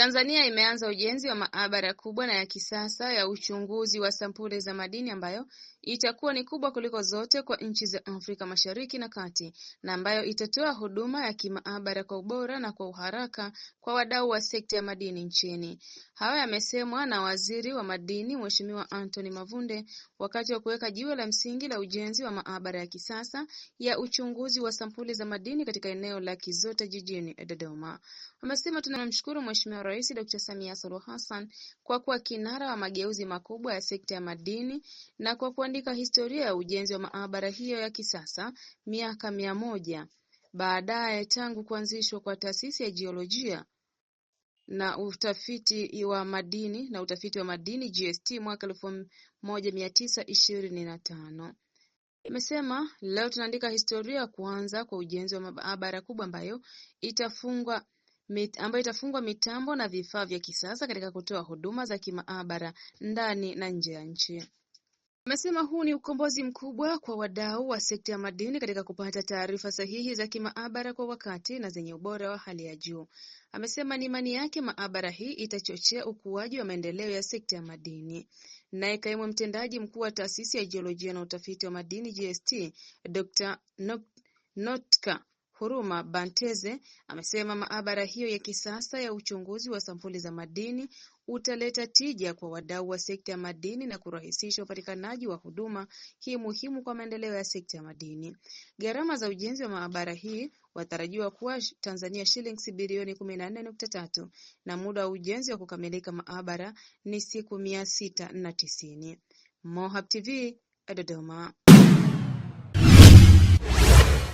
Tanzania imeanza ujenzi wa maabara kubwa na ya kisasa ya uchunguzi wa sampuli za madini ambayo itakuwa ni kubwa kuliko zote kwa nchi za Afrika Mashariki na Kati na ambayo itatoa huduma ya kimaabara kwa ubora na kwa uharaka kwa wadau wa sekta ya madini nchini. Hayo yamesemwa na Waziri wa Madini Mheshimiwa Anthony Mavunde wakati wa kuweka jiwe la msingi la ujenzi wa maabara ya kisasa ya uchunguzi wa sampuli za madini katika eneo la Kizota jijini Dodoma. Amesema tunamshukuru Mheshimiwa Rais Dkt Samia Suluhu Hassan kwa kuwa kinara wa mageuzi makubwa ya sekta ya madini na kwa kuandika historia ya ujenzi wa maabara hiyo ya kisasa miaka mia moja baadaye tangu kuanzishwa kwa Taasisi ya Jiolojia na utafiti wa madini na utafiti wa madini GST mwaka elfu moja mia tisa ishirini na tano. Imesema leo tunaandika historia ya kuanza kwa ujenzi wa maabara kubwa ambayo itafungwa ambayo itafungwa mitambo na vifaa vya kisasa katika kutoa huduma za kimaabara ndani na nje ya nchi. Amesema huu ni ukombozi mkubwa kwa wadau wa sekta ya madini katika kupata taarifa sahihi za kimaabara kwa wakati na zenye ubora wa hali ya juu. Amesema ni imani yake maabara hii itachochea ukuaji wa maendeleo ya sekta ya madini. Naye kaimu mtendaji mkuu wa taasisi ya jiolojia na utafiti wa madini GST, Dr. Notka Huruma Banteze amesema maabara hiyo ya kisasa ya uchunguzi wa sampuli za madini utaleta tija kwa wadau wa sekta ya madini na kurahisisha upatikanaji wa huduma hii muhimu kwa maendeleo ya sekta ya madini. Gharama za ujenzi wa maabara hii watarajiwa kuwa Tanzania shilingi bilioni 14.3 na muda wa ujenzi wa kukamilika maabara ni siku 690. Mohab TV Dodoma.